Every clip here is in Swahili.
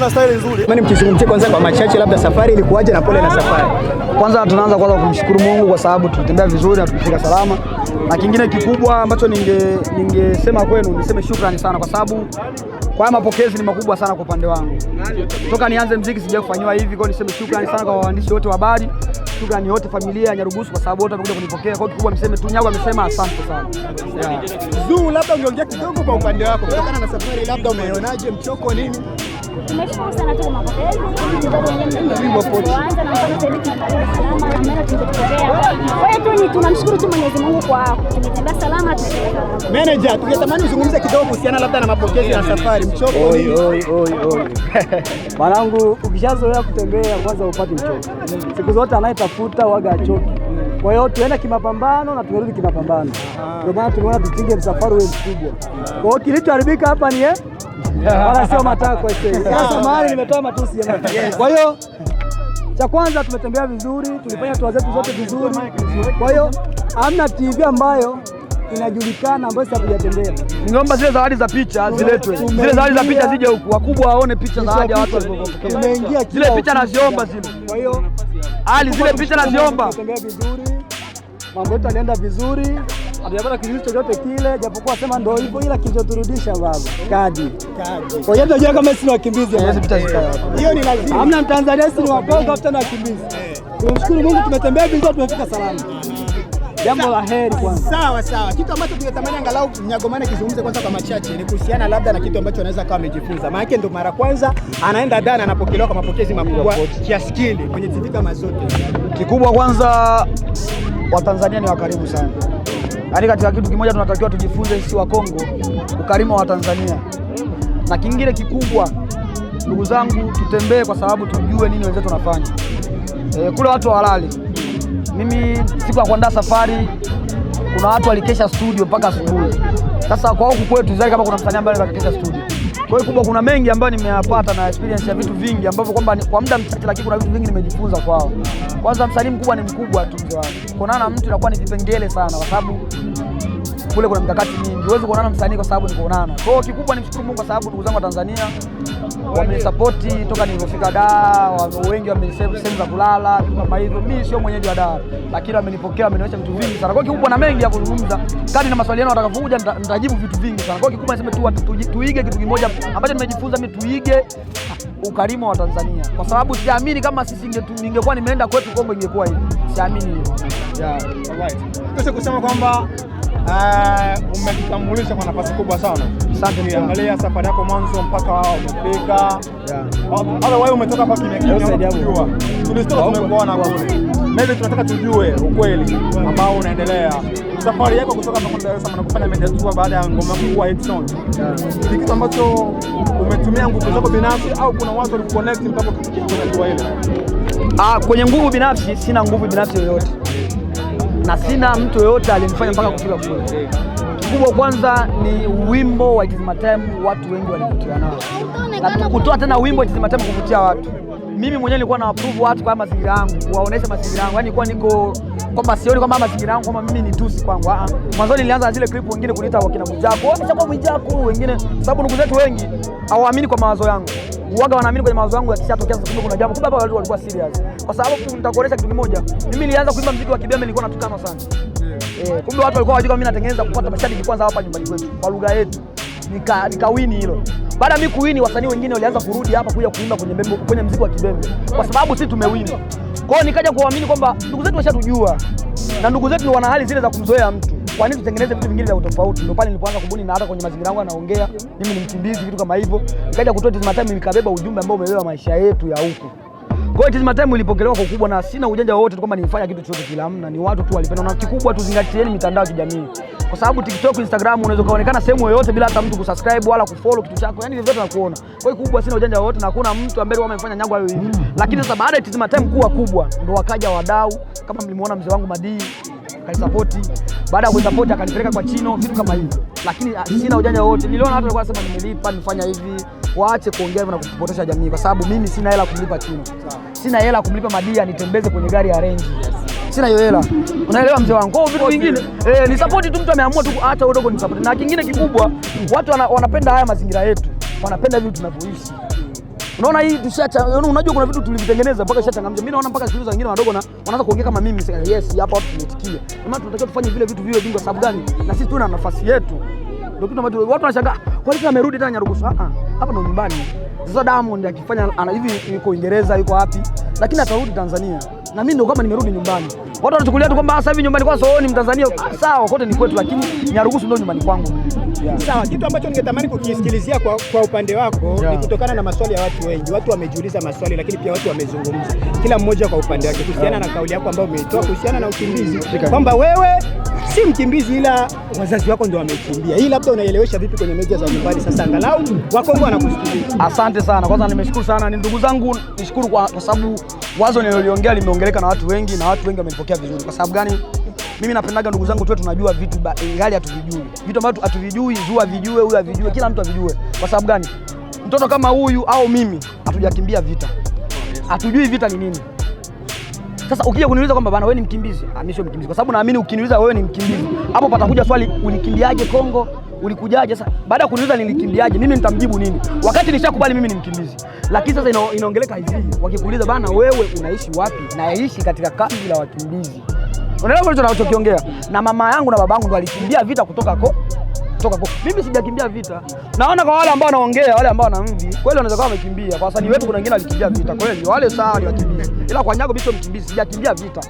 Unaona style nzuri. Mimi mkizungumzie kwanza kwa machache, labda safari ilikuwaje na pole na safari. Kwanza tunaanza kwanza kumshukuru Mungu kwa sababu tulitembea vizuri na tulifika salama, na kingine kikubwa ambacho ninge ningesema kwenu niseme shukrani sana kwa sababu kwa haya mapokezi ni makubwa sana kwa upande wangu. Toka nianze mziki sija kufanywa hivi, kwa niseme shukrani sana kwa waandishi wote wa habari, shukrani wote familia ya Nyarugusu kwa sababu wote wamekuja kunipokea. Kwa kikubwa niseme tu Nyago amesema asante sana. Zuu, labda ungeongea kidogo kwa upande wako kutokana na safari, labda umeonaje mchoko nini? Tunashukuru sana tu mapokezi. Kwanza ni tunamshukuru tu Mwenyezi Mungu kwa tumetembea salama. Manager, tungetamani uzungumze kidogo kuhusiana labda na mapokezi ya safari. Mchoko oi oi oi oi. Mwanangu, ukishazoea kutembea kwanza upate mchoko. Siku zote anayetafuta waga achoki. Kwa hiyo tuenda kimapambano na tumerudi kimapambano. Ndio maana tumeona tupige msafari ule mkubwa. Kwa hiyo kilichoharibika hapa ni eh wala sio matakwa. Sasa mahali nimetoa matusi jamani. Kwa hiyo cha kwanza tumetembea vizuri, tulifanya toa zetu zote vizuri. Kwa hiyo hamna TV ambayo inajulikana ambayo sasa kujatembea. Ningeomba zile zawadi za picha ziletwe, zile zawadi za picha zije huku, wakubwa waone picha za haja watu walivyopokea. zile picha naziomba zile. Kwa hiyo ali zile picha naziomba. Tembea vizuri, mambo yetu yanaenda vizuri hatujapata kizuizi chochote kile, japokuwa sema ndio hivyo, ila kilichoturudisha baba kadi. kadi. Kwa hiyo tunajua kama sisi ni wakimbizi, hiyo ni lazima. Hamna Mtanzania, sisi ni wakonga na wakimbizi. Tunamshukuru Mungu, tumetembea vizuri, tumefika salama. Jambo la heri kwanza. Sawa sawa. Kitu ambacho tunatamani angalau Mnyagomani kizungumze kwanza kwa machache ni kuhusiana labda na kitu ambacho anaweza akawa amejifunza. Maana yake ndo mara kwanza anaenda Dana anapokelewa kwa mapokezi makubwa kiasi kile kwenye TV kama zote. Kikubwa kwanza Watanzania ni wakaribu sana. Yaani katika kitu kimoja tunatakiwa tujifunze sisi wa Kongo, ukarimu wa Tanzania. Na kingine kikubwa, ndugu zangu, tutembee kwa sababu tujue nini wenzetu wanafanya. E, kule watu walali. Mimi siku ya kuandaa safari kuna watu walikesha studio mpaka asubuhi. Sasa kwa huku kwetu zaidi kama kuna msanii ambaye alikesha studio. Kwa hiyo kubwa, kuna mengi ambayo nimeyapata na experience ya vitu vingi ambavyo kwamba kwa muda mchache, lakini kuna vitu vingi nimejifunza kwao. Kwanza, msanii mkubwa ni mkubwa tu, kuonana na mtu inakuwa ni vipengele sana, kwa sababu kule kuna mikakati mingi, huwezi kuonana msanii kwa sababu ni kuonana. Kwa hiyo kikubwa ni mshukuru Mungu kwa sababu ndugu zangu wa Tanzania wamenisapoti toka nilipofika Dar, wengi wamenisave sehemu za kulala, vitu kama hivyo. Mimi sio mwenyeji wa Dar, lakini wamenipokea, wamenionyesha vitu vingi sana. Kwa hiyo kikubwa na mengi ya kuzungumza, kadri na maswali yenu watakavyokuja, nitajibu vitu vingi sana. Kwa hiyo kikubwa niseme tu tuige kitu kimoja ambacho nimejifunza mimi, tuige ukarimu wa Tanzania, kwa sababu siamini kama sisi ningekuwa nimeenda kwetu Kongo ingekuwa hivi, siamini hiyo yeah. Right. Kusema kwamba Uh, umejitambulisha kwa nafasi kubwa sana. Asante. Angalia safari yako mwanzo mpaka wao umefika. Yeah. Hata wewe umetoka kwa kimya kimya. Tulitoka tumekuona kule. Mimi tunataka tujue ukweli ambao unaendelea. Safari yako kutoka kwa Dar es Salaam kufanya media tour baada ya ngoma kubwa Edson. Ni kitu ambacho umetumia nguvu zako binafsi au kuna watu walikuconnect mpaka kufikia kwenye tour ile? Ah, kwenye nguvu binafsi sina nguvu binafsi yoyote na sina mtu yoyote alimfanya mpaka kufika kule. Kikubwa kwanza ni wimbo wa It is my time, watu wengi walivutiwa nao, na kutoa tena wimbo It is my time kuvutia watu. Mimi mwenyewe nilikuwa na approve watu kwa mazingira yangu, kuwaonesha mazingira yangu, yani nilikuwa niko kwamba sioni kwamba mazingira yangu kwamba mimi ni tusi kwangu. Ah, ah. mwanzo nilianza na zile clip, wengine kuniita wakina Mwijaku, wameshakuwa Mwijaku wengine, sababu ndugu zetu wengi hawaamini kwa mawazo yangu uwaga wanaamini kwenye mawazo yangu yakishatokea sasa, kumbe kuna jambo, kumbe hapa walikuwa serious. Kwa sababu nitakuonesha kitu kimoja, mimi nilianza kuimba muziki wa kibembe nilikuwa natukana sana eh, kumbe watu walikuwa wajua mimi natengeneza kupata mashabiki kwanza hapa nyumbani kwetu kwa lugha yetu, nika nikawini hilo. Baada mimi kuwini, wasanii wengine walianza kurudi hapa kuja kuimba kwenye bembe, kwenye muziki wa kibembe kwa sababu sisi tumewini. Kwa hiyo nikaja kuamini kwamba ndugu zetu washatujua na ndugu zetu wana hali zile za kumzoea mtu kwa nini tutengeneze vitu vingine vya utofauti? Ndio pale nilipoanza kubuni, na hata kwenye mazingira yangu anaongea, mimi ni mkimbizi, vitu kama hivyo, nikaja kutoa It time, nikabeba ujumbe ambao umebeba maisha yetu ya huku. Kwa hiyo It time ilipokelewa kwa ukubwa, na sina ujanja wowote kwamba nilifanya kitu chochote kila mna ni watu tu walipenda, na kikubwa tuzingatieni mitandao ya kijamii kwa sababu TikTok, Instagram unaweza kuonekana sehemu yoyote bila hata mtu kusubscribe wala kufollow kitu chako, yani vyovyote nakuona. Kwa hiyo kubwa, sina ujanja wowote na hakuna mtu ambaye amefanya nyango hiyo hivi, lakini sasa baada ya It time kuwa kubwa, ndo wakaja wadau kama mlimuona mzee wangu Madii akanisapoti. Baada ya kunisapoti akanipeleka kwa Chino, vitu kama hivyo, lakini ah, sina ujanja wote. Niliona watu walikuwa wanasema nimelipa, nifanya hivi, waache kuongea hivyo na kupotosha jamii, kwa sababu mimi sina hela kumlipa Chino, sina hela kumlipa Madia nitembeze kwenye gari ya Range, sina hiyo hela, unaelewa mzee wangu. Kwa vitu vingine eh, ni support tu, mtu ameamua tu acha udogo ni support. Na kingine kikubwa, watu wanapenda haya mazingira yetu, wanapenda vitu tunavyoishi Unaona hii tushacha, yaani unajua kuna vitu tulivitengeneza mpaka tushachangamsha. Mimi naona mpaka siku zingine wengine wadogo na wanaanza kuongea kama mimi, yes, hapa watu tunitikia. Maana tunatakiwa tufanye vile vitu vile, bingwa sababu gani? Na sisi tuna nafasi yetu, ndio kitu ambacho watu wanashangaa, kwa nini amerudi tena Nyarugusu? Ah ah, hapa ndo nyumbani. Sasa Diamond akifanya hivi, yuko Uingereza, yuko wapi, lakini atarudi Tanzania na mimi ndo kama nimerudi nyumbani. Watu wanachukulia tu kwamba sasa hivi nyumbani kwa sooni Mtanzania ah, sawa, kote ni kwetu, lakini Nyarugusu ndo nyumbani kwangu. Yeah. Sawa, kitu ambacho ningetamani kukisikilizia kwa, kwa upande wako yeah, ni kutokana na maswali ya watu wengi. Watu wamejiuliza maswali, lakini pia watu wamezungumza, kila mmoja kwa upande wake kuhusiana yeah, na kauli yako ambayo umeitoa kuhusiana na ukimbizi kwamba wewe si mkimbizi ila wazazi wako ndio wamekimbia. Hii labda unaelewesha vipi kwenye media za nyumbani sasa angalau wako wanakusikiliza? Asante sana. Kwanza nimeshukuru sana ni ndugu zangu, nishukuru kwa sababu wazo niloliongea limeongeleka na watu wengi na watu wengi wamenipokea vizuri. Kwa sababu gani? Mimi napendaga ndugu zangu tuwe tunajua vitu ingali hatuvijui, vitu ambavyo hatuvijui, zua vijue, huyu avijue, kila mtu avijue. Kwa sababu gani? Mtoto kama huyu au mimi hatujakimbia vita, hatujui vita ni nini. Sasa ukija kuniuliza kwamba bana, wewe ni mkimbizi, ah, mimi sio mkimbizi, kwa sababu naamini ukiniuliza wewe ni mkimbizi, hapo patakuja swali ulikimbiaje Kongo Ulikujaje sasa? Baada ya kuniuliza nilikimbiaje, mimi nitamjibu nini? Wakati nishakubali mimi ni mkimbizi. Lakini sasa ina, inaongeleka hivi, wakikuuliza bana, wewe unaishi wapi? Naishi katika kambi la wakimbizi. Unaelewa kile tunachokiongea? Na mama yangu na babangu ndo walikimbia vita kutoka ko kutoka ko. Mimi sijakimbia vita. Naona kwa wale ambao wanaongea, wale ambao wanamvi, kweli wanaweza kuwa wamekimbia. Kwa sababu wetu kuna wengine walikimbia vita. Kweli wale sawa ni wakimbizi. Ila kwa Nyago bicho mkimbizi, sijakimbia vita.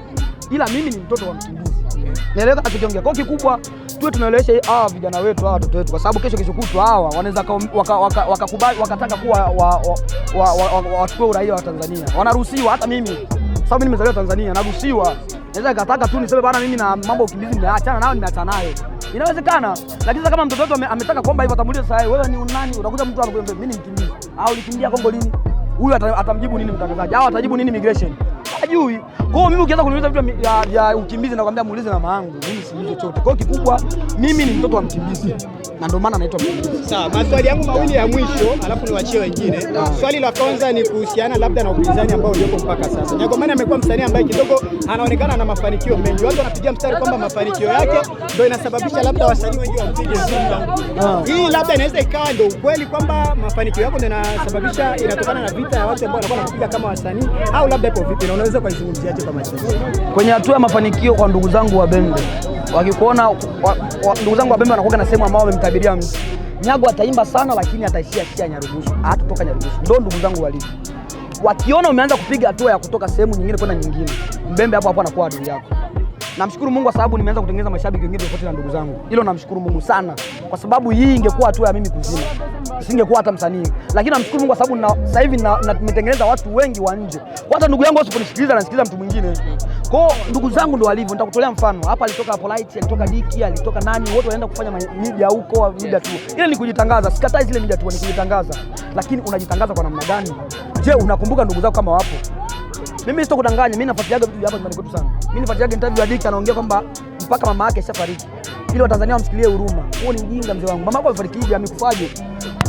Ila mimi ni mtoto wa mkimbizi. Naelewa kinachokiongea. Kwa kikubwa tuwe tunaelewesha hawa vijana wetu hawa watoto wetu, kwa sababu kesho kesho kutwa hawa wanaweza wakakubali wakataka kuwa wachukue uraia wa Tanzania. Wanaruhusiwa, hata mimi sababu nimezaliwa Tanzania, naruhusiwa naweza kataka tu niseme bana, mimi na mambo ukimbizi nimeachana nayo, nimeacha nayo, inawezekana. Lakini sasa kama mtoto wetu ametaka kuomba hivyo, atamuuliza sasa, wewe ni nani? Utakuta mtu anakuambia mimi ni mkimbizi au nikimbia Kongo lini? Huyu atamjibu nini mtangazaji? Au atajibu nini migration? hajui. Kwa hiyo mimi ukianza kuniuliza vitu vya ukimbizi, nakwambia muulize mama yangu, mimi sijui chochote. Kwa hiyo kikubwa, mimi ni mtoto wa mkimbizi na ndio maana anaitwa sawa. Maswali yangu mawili ya mwisho, alafu niwaachie wengine. Ah. Swali la kwanza ni kuhusiana labda na upinzani ambao uliopo mpaka sasa. Nyakomani amekuwa msanii ambaye kidogo anaonekana na mafanikio mengi, watu wanapigia mstari kwamba mafanikio yake ndio inasababisha labda wasanii wengi wampige zumba. Ah. Hii labda inaweza ikawa ndio ukweli kwamba mafanikio yako ndio inasababisha, inatokana na vita ya watu ambao wanakuwa wanapiga kama wasanii, au labda ipo vipi, na unaweza kuizungumziaje kama hiyo kwenye hatua ya mafanikio kwa ndugu zangu wa Bembe? wakikuona ndugu zangu Wabembe wanakuwa na sehemu ambao wamemtabiria mtu Nyago ataimba sana, lakini ataishia shia Nyarugusu, hatotoka Nyarugusu. Ndo ndugu zangu walivyo, wakiona umeanza kupiga hatua ya kutoka sehemu nyingine kwenda nyingine, mbembe hapo hapo anakuwa adui yako. Namshukuru Mungu kwa sababu nimeanza kutengeneza mashabiki wengine tofauti na ndugu zangu. Hilo namshukuru Mungu sana, kwa sababu hii ingekuwa hatua ya mimi kuzima, singekuwa hata msanii. Lakini namshukuru Mungu kwa sababu sasa hivi nimetengeneza watu wengi wa nje. Hata ndugu yangu wasiponisikiliza, anasikiliza mtu mwingine. Kwa ndugu zangu ndo walivyo, nitakutolea mfano hapa. Alitoka Polite, alitoka Diki, alitoka nani, wote wanaenda kufanya media huko, media tu ile ni kujitangaza. Sikatai zile media tu, ni kujitangaza, lakini unajitangaza kwa namna gani? Je, unakumbuka ndugu zako kama wapo? Mimi sito kudanganya, mimi nafuatiliaga vitu hapa nyumbani kwetu sana. Mimi nafuatiliaga interview ya Diki, anaongea kwamba mpaka mama yake ashafariki ili Watanzania wamsikilie huruma. Huo ni mjinga mzee wangu, mama yako alifariki hivi, amekufaje?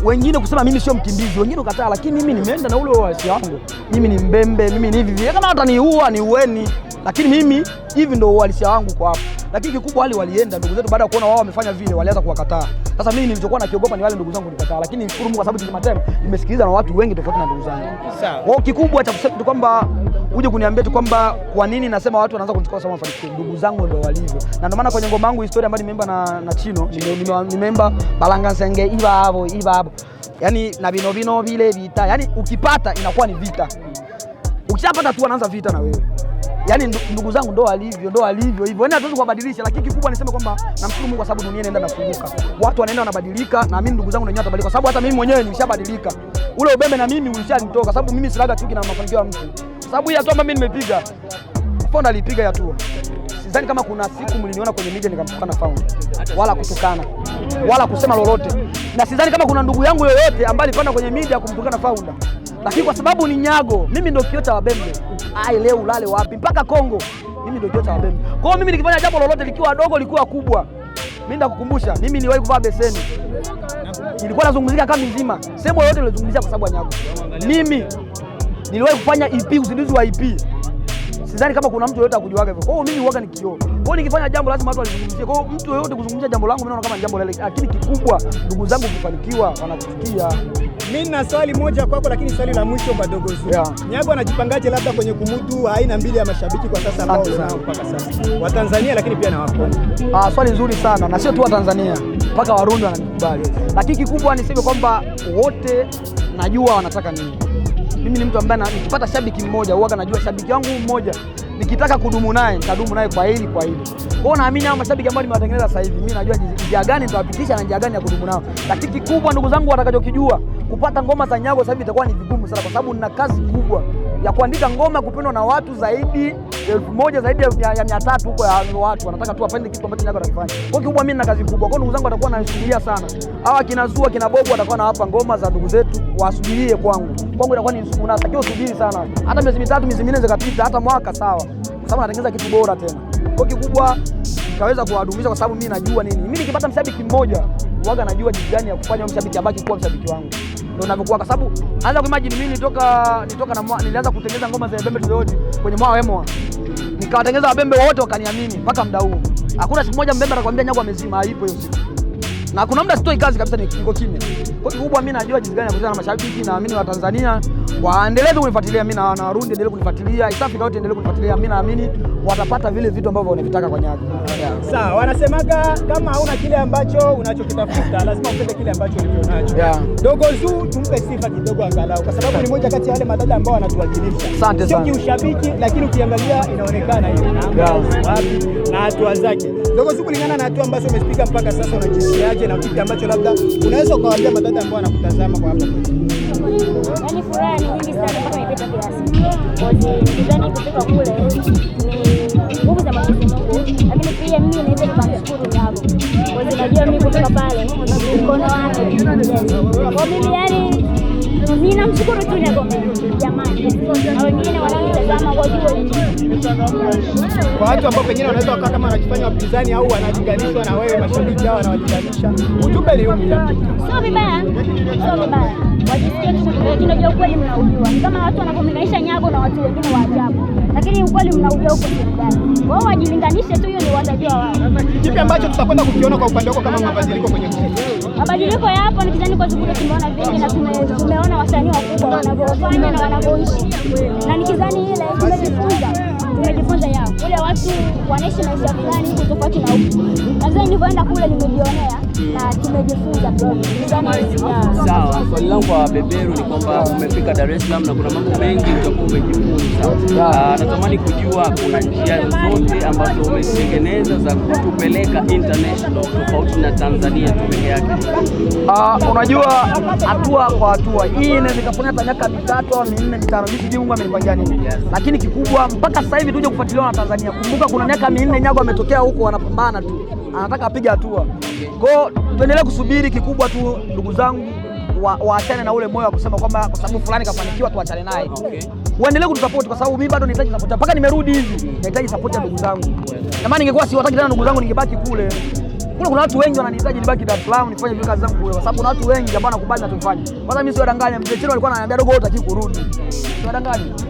Wengine kusema mimi sio mkimbizi, wengine ukataa, lakini mimi nimeenda na ule waasi wangu. Mimi ni mbembe, mimi ni hivi hivi, kama hata wataniua niueni lakini mimi hivi ndio uhalisia wangu kwa hapo. Lakini kikubwa wale walienda ndugu zetu, baada ya kuona wao wamefanya vile, walianza kuwakataa. Sasa mimi nilichokuwa nakiogopa ni wale ndugu zangu nikataa, lakini nishukuru Mungu kwa sababu Tima Time nimesikiliza na watu wengi tofauti na ndugu zangu. Sawa, kikubwa cha kusema tu kwamba uje kuniambia tu kwamba kwa nini nasema watu wanaanza kunichukua kama mafanikio. Ndugu zangu ndio walivyo, na ndio maana kwenye ngoma yangu historia ambayo nimeimba na, na Chino nimeimba nime, nime balanga senge iba hapo iba hapo, yani na binobino vile vita, yani ukipata inakuwa ni vita, ukishapata tu wanaanza vita na wewe Yaani ndugu zangu ndo alivyo, ndo alivyo hivyo. Yaani hatuwezi kubadilisha, lakini kikubwa niseme kwamba namshukuru Mungu kwa sababu dunia inaenda nafunguka. Watu wanaenda wanabadilika, na mimi ndugu zangu wenyewe watabadilika kwa sababu hata mimi mwenyewe nimeshabadilika. Ule ubembe na mimi ulishanitoka sababu mimi silaga chuki na mafanikio ya mtu. Sababu hii hatua mimi nimepiga. Founder alipiga ya hatua. Sidhani kama kuna siku mliniona kwenye media nikamtukana Founder wala kutukana wala kusema lolote, na sidhani kama kuna ndugu yangu yoyote ambaye alipanda kwenye media kumtukana Founder, lakini kwa sababu ni nyago, mimi ndio kiota wa Bembe ai, leo ulale wapi? Mpaka Kongo. Mimi ndio Jota wa Bembe. Kwa hiyo mimi nikifanya jambo lolote likiwa dogo likiwa kubwa, mimi ndakukumbusha, mimi niwahi kuvaa beseni, nilikuwa nazungumzika kama mzima, sehemu yoyote nilizungumzia kwa sababu ya nyago. Mimi niliwahi kufanya EP, uzinduzi wa EP sidhani kama kuna mtu yoyote akujuaga hivyo. Kwa hiyo mimi huaga ni kioo. Kwa hiyo nikifanya jambo lazima watu walizungumzie. Kwa hiyo mtu yoyote kuzungumzia jambo langu mimi naona kama ni jambo lele, lakini kikubwa ndugu zangu kufanikiwa wanakufikia. Mimi na swali moja kwako, lakini swali la mwisho madogo zuri. Yeah. Nyago anajipangaje labda kwenye kumudu aina mbili ya mashabiki kwa sasa ambao unao mpaka sasa. Wa Tanzania lakini pia na Wakongo. Ah, swali nzuri sana na sio tu wa Tanzania mpaka Warundi wananikubali. Lakini kikubwa niseme kwamba wote najua wanataka nini. Mimi ni mtu ambaye nikipata shabiki mmoja huwa najua shabiki wangu mmoja nikitaka kudumu naye nitadumu naye kwa hili kwa hili. Kwa hiyo naamini hao mashabiki ambao nimewatengeneza sasa hivi, mimi najua njia gani nitawapitisha na njia gani ya kudumu nao. Lakini kikubwa, ndugu zangu, watakachokijua kupata ngoma za Nyago sasa hivi itakuwa ni vigumu sana, kwa sababu nina kazi kubwa ya kuandika ngoma kupendwa na watu zaidi elfu moja zaidi ya mia tatu huko ya watu wanataka tu wapende kitu ambacho Nyago anakifanya. Kwa kikubwa, mimi nina kazi kubwa. Kwa ndugu zangu, watakuwa wanasubiria sana hawa kina Zua kina Bobo, watakuwa nawapa ngoma za ndugu zetu, wasubirie kwangu kwangu inakuwa ni unatakiwa usubiri sana, hata miezi mitatu miezi minne zikapita, hata mwaka sawa, kwa sababu natengeneza kitu bora tena. Kwa kikubwa nikaweza kuwadumisha, kwa sababu mimi najua nini. Mimi nikipata mshabiki mmoja waga, najua jinsi gani ya kufanya mshabiki abaki kuwa mshabiki wangu, ndio ninavyokuwa. Kwa sababu anza kuimagine mimi nitoka nitoka na nilianza kutengeneza ngoma za Bembe zote kwenye mwa wemo, nikawatengeneza wabembe wote wakaniamini mpaka muda huu. Hakuna siku moja mbembe atakwambia Nyago amezima, haipo hiyo siku kazi, na kuna muda sitoi kazi kabisa, niko kimya. Kwa hiyo kubwa, mimi najua jinsi gani ya kuzana na mashabiki, naamini wa Tanzania waendelee tu kunifuatilia mimi na Warundi endelee kunifuatilia, East Africa endelee kunifuatilia. Mimi naamini watapata vile vitu ambavyo wanavitaka kwa nyaga. Sawa, wanasemaga kama hauna kile ambacho unachokitafuta lazima upende kile ambacho ulivyo nacho. Yeah. Dogo Zuu tumpe sifa kidogo angalau kwa sababu ni moja kati ya wale madada ambao wanatuwakilisha. Asante sana. Sio kiushabiki lakini ukiangalia inaonekana hiyo. Yeah. Na hatua zake. Dogo Zuu kulingana na hatua ambazo umezipiga mpaka sasa unajisikiaje na kitu ambacho labda unaweza ukawaambia madada ambao wanakutazama kwa hapa? Yaani furaha ni nyingi sana mpaka nipita kiasi. Kwa hiyo kule lakini pia mimi naweza nikamshukuru Mungu kwa sababu najua mimi kutoka pale mkono wake. Kwa mimi yani mimi tu Nyago jamani, kwa watu ambao pengine wanaweza wakaa kama wanajifanya wapinzani au wanalinganishwa na wewe, mashabiki hao wanawatenganisha, ujumbe ni upi? Sio vibaya, sio vibaya, wajisikie ukweli eh, mnaujua, kama watu wanavyolinganisha Nyago na watu wengine wa ajabu, lakini ukweli mnaujua huko sehemu gani, wao wajilinganishe tu, hiyo ni watajua wao. Kipi ambacho tutakwenda kukiona kwa upande wako kama mabadiliko kwenye Mabadiliko yapo, ni kijani kwa sababu tumeona vingi na tumeona wasanii wakubwa wanavyofanya na wanavyoishi na nikizani ile nimejifunza tumejifunza ya kule watu wanaishi maisha fulani huku tofauti na huku. Nadhani nilivyoenda kule nimejionea na tumejifunza pia. Sawa, swali langu kwa Beberu ni kwamba umefika Dar es Salaam na kuna mambo mengi utakuwa umejifunza. Ah, natamani kujua kuna njia zote ambazo umetengeneza za kutupeleka international tofauti na Tanzania tu peke yake. Uh, unajua hatua kwa hatua, hii inaweza kufanya hata miaka mitatu au minne mitano, mimi sijui Mungu amenipangia nini, lakini kikubwa mpaka sasa hivi tuje kufuatiliwa na Tanzania. Kumbuka kuna miaka minne Nyago ametokea huko, wanapambana tu, anataka apige hatua Kwa hiyo Tuendelee kusubiri, kikubwa tu ndugu zangu waachane wa na ule moyo wa kusema kwamba kwa sababu fulani kafanikiwa tuachane naye. Okay. Uendelee kutusapoti kwa sababu mimi bado nahitaji support. Paka nimerudi hivi nahitaji support ya ndugu zangu. Na maana ningekuwa siwataki tena ndugu zangu ningebaki kule. Kule kuna watu wengi wananihitaji nibaki Dar es Salaam nifanye vile kazi zangu kule kwa sababu kuna watu wengi ambao nakubali na tufanye. Kwanza mimi siwadanganya, mzee Chiro alikuwa ananiambia dogo, hutaki kurudi. Siwadanganya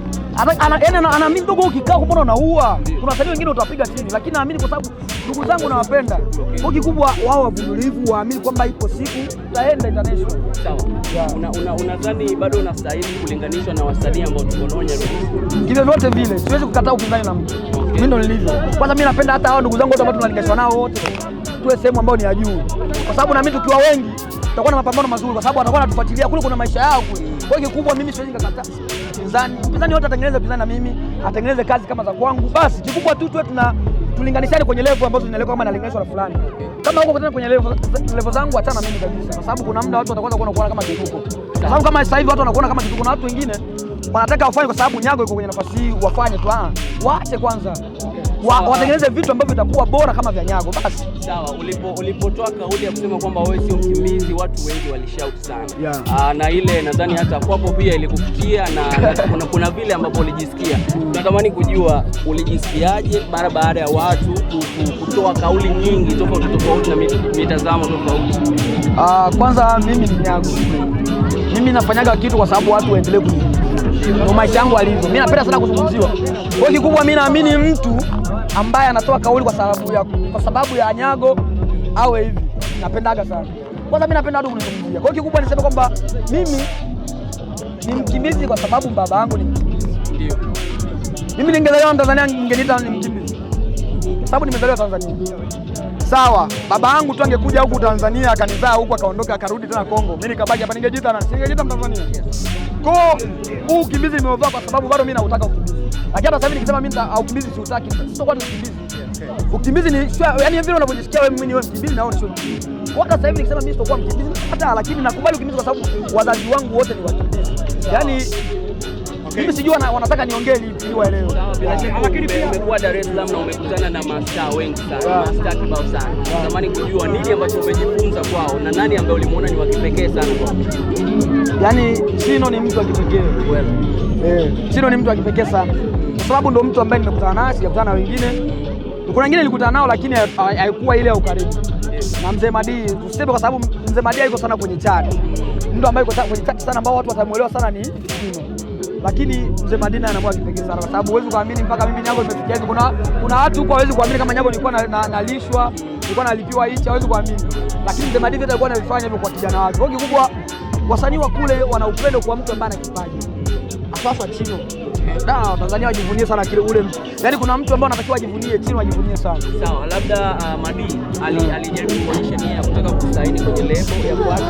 anaamini ndugu, ukikaa mbona unaua? Kuna wasanii wengine utapiga chini, lakini naamini kwa sababu ndugu zangu nawapenda, kwa kikubwa wao wavumilivu, waamini kwamba ipo siku taenda international. Sawa, unadhani bado unastahili kulinganishwa na wasanii ambao tuko nao nyarugusu? Vyote vile siwezi kukataa upinzani na mtu, mimi ndo nilivyo. Kwanza mimi napenda hata hao ndugu zangu wote ambao tunalinganishwa nao wote tuwe sehemu ambayo ni ya juu, kwa sababu na mimi tukiwa wengi tutakuwa na mapambano mazuri, kwa sababu watakuwa wanatufuatilia kule, kuna maisha yao kule. Kwa hiyo kikubwa mimi siwezi kukataa mpinzani, mpinzani wote atengeneze mpinzani na mimi atengeneze kazi kama za kwangu, basi kikubwa tu tuwe tuna tulinganishane kwenye level ambazo zinaelekwa kama nalinganishwa na fulani. Kama huko kutana kwenye level level zangu, achana mimi kabisa, kwa sababu kuna muda watu watakwenda kuona kuona kama kituko, kwa sababu kama sasa hivi watu wanakuona kama kituko na watu wengine wanataka wafanye kwa sababu Nyago yuko kwenye nafasi hii wafanye tu, ah, waache kwanza watengeneze vitu ambavyo vitakuwa bora kama vya Nyago. Basi sawa, ulipotoa kauli ya kusema kwamba wewe sio mkimbizi, watu wengi walishout sana yeah. Aa, ah, na ile nadhani hata kwapo pia ilikufikia na kuna, kuna vile ambapo ulijisikia. natamani kujua ulijisikiaje mara baada ya watu kutoa kauli nyingi tofauti tofauti na mitazamo tofauti. Uh, kwanza mimi ni Nyago, mimi nafanyaga kitu kwa sababu watu waendelee kujua maisha yangu alivyo. Mimi napenda sana kuzungumziwa kwa kikubwa, mimi naamini mtu ambaye anatoa kauli kwa sababu ya, kwa sababu ya Anyago awe hivi, napendaga sana kwanza. Mimi napenda watu kunizungumzia. Kwa hiyo kikubwa niseme kwamba mimi ni mkimbizi kwa sababu baba yangu ni mkimbizi. Mimi ningelelewa Tanzania ningeniita ni mkimbizi kwa sababu nimezaliwa Tanzania. Sawa, baba yangu tu angekuja huku Tanzania akanizaa huku akaondoka akarudi tena Kongo, mimi nikabaki hapa, ningejiita na Ningejiita Mtanzania. Kwa hiyo huu ukimbizi nimeuvaa kwa sababu bado mimi nautaka ukimbizi. Lakini hata sasa hivi nikisema mimi au kimbizi si utaki, sio kwa kimbizi. Ukimbizi ni yani vile unavyojisikia wewe, mimi ni wewe mkimbizi na wewe sio mkimbizi. Kwa sasa hivi nikisema mimi kwa mkimbizi hata, lakini nakubali ukimbizi kwa sababu wazazi wangu wote ni wakimbizi. Yaani mimi sijui wanataka niongee lipi ili waelewe. Lakini pia umekuwa Dar es Salaam na umekutana na masta wengi sana, Masta kibao sana. Natamani kujua nini ambacho umejifunza kwao na nani ambaye ulimuona ni wa kipekee sana kwao. Yaani Sino ni mtu wa kipekee Well. Eh, Sino ni mtu wa kipekee sana. Kwa sababu ndo mtu ambaye nimekutana naye, sijakutana na wengine. Kuna wengine nilikutana nao lakini haikuwa ile ya ukaribu. Na mzee Madi tuseme, kwa sababu mzee Madi yuko sana kwenye chat. Mtu ambaye yuko kwenye chat sana ambao watu watamuelewa sana ni Sino lakini mzee Madina anakuwa kipekee sana, kwa sababu huwezi kuamini mpaka mimi Nyago nimefikia hivi. Kuna kuna watu huko hawezi kuamini kama Nyago nilikuwa nalishwa na, na nilikuwa nalipiwa hichi, hawezi kuamini, lakini mzee Madina alikuwa anavifanya hivyo kwa kijana wake. Kwa kikubwa wasanii wa kule wana upendo kwa mtu ambaye ana kipaji, asasa Chino Da, Tanzania wajivunie sana kile ule. Yaani kuna mtu ambaye anatakiwa ajivunie chini wajivunie sana. Sawa, labda uh, Madi ali alijaribu kuonyesha nia ya kutaka kusaini kwenye lebo ya kwake.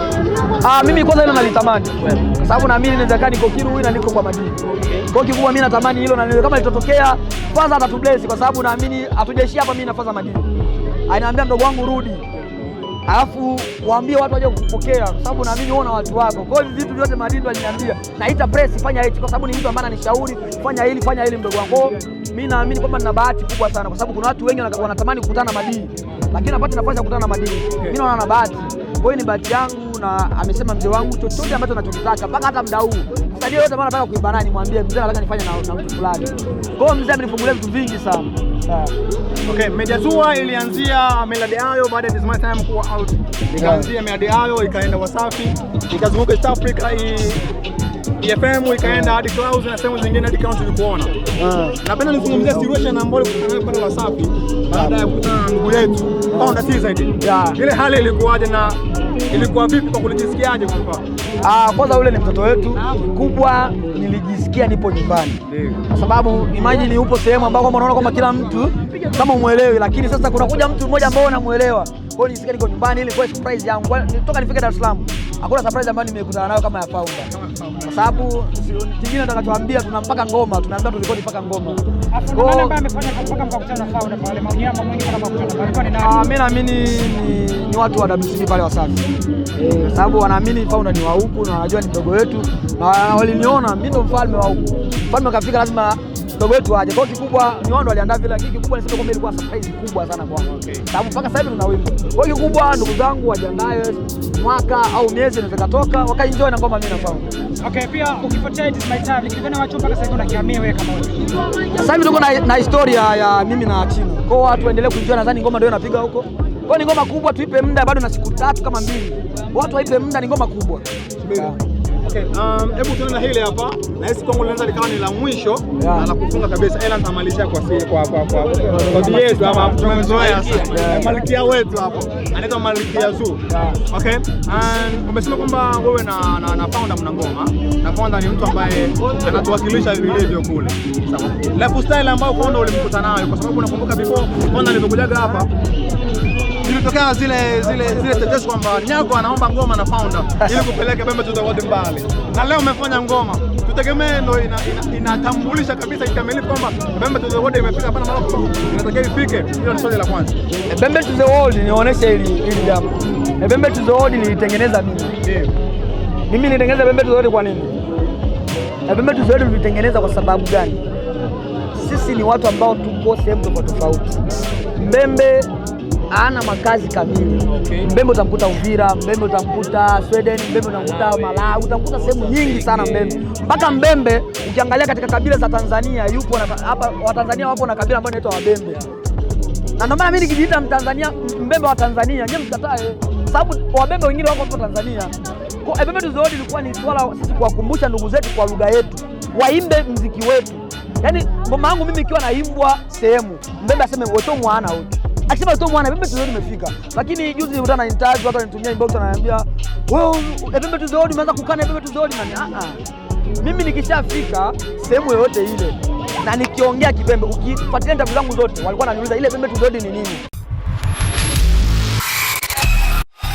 Ah, mimi kwanza hilo nalitamani. Kwa sababu na mimi naweza kani kokiru huyu na niko kwa Madi. Okay. Kwa kikubwa mimi natamani hilo na kama litotokea kwanza atatubless kwa sababu naamini atujeshia hapa mimi nafaza Madi. Ainaambia mdogo wangu rudi alafu waambie watu waje kukupokea, kwa sababu naamini wewe na watu wako. Kwa hiyo vitu vyote Madindo aliniambia, naita press, fanya hichi, kwa sababu ni mtu ambaye ananishauri fanya hili, fanya hili, mdogo wangu. Mimi naamini kwamba nina bahati kubwa sana, kwa sababu kuna watu wengi wanatamani kukutana na madini lakini napata nafasi ya kukutana na madini Mimi naona na bahati, kwa hiyo ni bahati yangu na amesema mzee wangu, chochote ambacho anachotaka mpaka hata mda huu msanii yote ambaye anataka kuimba naye nimwambie mzee nataka nifanye na mtu fulani. Kwa hiyo mzee amenifungulia vitu vingi sana. Eh. Okay, Meja Zua ilianzia Millard Ayo baada ya This Time kuwa out. Ikaanzia Millard Ayo ikaenda Wasafi ikazunguka East Africa hii DFM ikaenda hadi Clouds na sehemu zingine hadi County tulikuona. Ah. Napenda nizungumzie situation ambayo tulikutana pale Wasafi baada ya kukutana na ndugu yetu Founder Seaside. Yeah. Ile hali ilikuwaje na ilikuwa vipi kwa kulijisikiaje kwa? Ah, kwanza yule ni mtoto wetu ah. kubwa, nilijisikia nipo nyumbani. Kwa sababu imagine upo sehemu ambako unaona kama kila mtu kama umuelewi, lakini sasa kuna kuja mtu mmoja ambaye unamuelewa kwa hiyo nifike niko nyumbani, ile surprise yangu nitoka nifike Dar es Salaam, hakuna surprise ambayo nimekutana nayo kama ya Paunda, kwa sababu kingine atakachoambia tuna mpaka ngoma, tunaambia tulikodi mpaka ngoma. Mimi ah, naamini ni watu wa WCB pale Wasafi, eh, kwa sababu wanaamini Paunda ni wa huku na wanajua ni mdogo wetu, na waliniona mimi ndo mfalme wa huku. Mfalme kafika lazima mdogo wetu aje. Kwa kikubwa ni wao waliandaa vile, lakini kubwa, nisema kwamba ilikuwa surprise kubwa sana kwa okay. sababu mpaka sasa hivi tuna wimbo. Kwa kikubwa, ndugu zangu, wajiandae mwaka au miezi inaweza katoka wakaenjoy na ngoma mimi na kwangu. Okay, pia ukifuatia it is my time, nikilivana wacho mpaka sasa hivi unakiamia wewe kama wewe. Sasa hivi tuko na na historia ya mimi na Chino. Kwa hiyo watu waendelee kuenjoy, nadhani ngoma ndio inapiga huko. Kwa ni ngoma kubwa, tuipe muda bado na siku tatu kama mbili, watu waipe muda, ni ngoma kubwa. Yeah. Okay, um, hebu tunaenda hili hapa. Nahisi kwangu linaweza likawa ni la mwisho na la kufunga kabisa, ila nitamalizia kwa si kwa kwa kwa kwa yetu hapa, tumemzoea sasa. Malkia wetu hapa anaitwa Malkia Zu. Okay, and umesema kwamba wewe na na, na founder mna ngoma na founder ni mtu ambaye anatuwakilisha vilivyo kule, sawa. Lifestyle ambayo founder ulimkuta nayo, kwa sababu nakumbuka before founder alivyokujaga hapa zilitokea zile zile zile tetesi kwamba Nyako anaomba ngoma na Founder ili kupeleka Pembe Tuzo Award mbali, na leo umefanya ngoma, tutegemee ndo inatambulisha ina kabisa kikamilifu kwamba Pembe Tuzo Award imefika hapa na inatakiwa ifike. Hiyo ni swali la kwanza. Eh, Pembe Tuzo World nionyesha ili ili jambo. Eh, Pembe Tuzo World nilitengeneza mimi. Ndio. Mimi nilitengeneza Pembe Tuzo World kwa nini? Na Pembe Tuzo World nilitengeneza kwa sababu gani? Sisi ni watu ambao tuko sehemu tofauti tofauti. Mbembe ana makazi kamili okay. Mbembe utamkuta Uvira, mbembe utamkuta Sweden, mbembe utamkuta Malawi, utamkuta sehemu nyingi sana mbembe. Mpaka mbembe ukiangalia katika kabila za Tanzania yupo hapa, Watanzania wapo na kabila ambayo inaitwa Wabembe, na ndio maana mimi nikijiita Mtanzania, mbembe wa Tanzania nye mkatae, sababu Wabembe wengine wako hapo Tanzania. Kwa Mbembe Tuzo ilikuwa ni swala sisi kuwakumbusha ndugu zetu kwa lugha yetu, waimbe mziki wetu. Yaani ngoma yangu mimi ikiwa naimbwa sehemu mbembe aseme weto mwana wote akisema tu mwana pembe tuzo imefika Lakini juzi nilikutana na interview watu wananitumia inbox wananiambia wewe pembe tuzo umeanza kukana pembe tuzo nani? Ah ah. Mimi nikishafika sehemu yoyote ile na nikiongea kipembe, ukifuatilia ndugu zangu zote walikuwa wananiuliza ile pembe tuzo ni nini?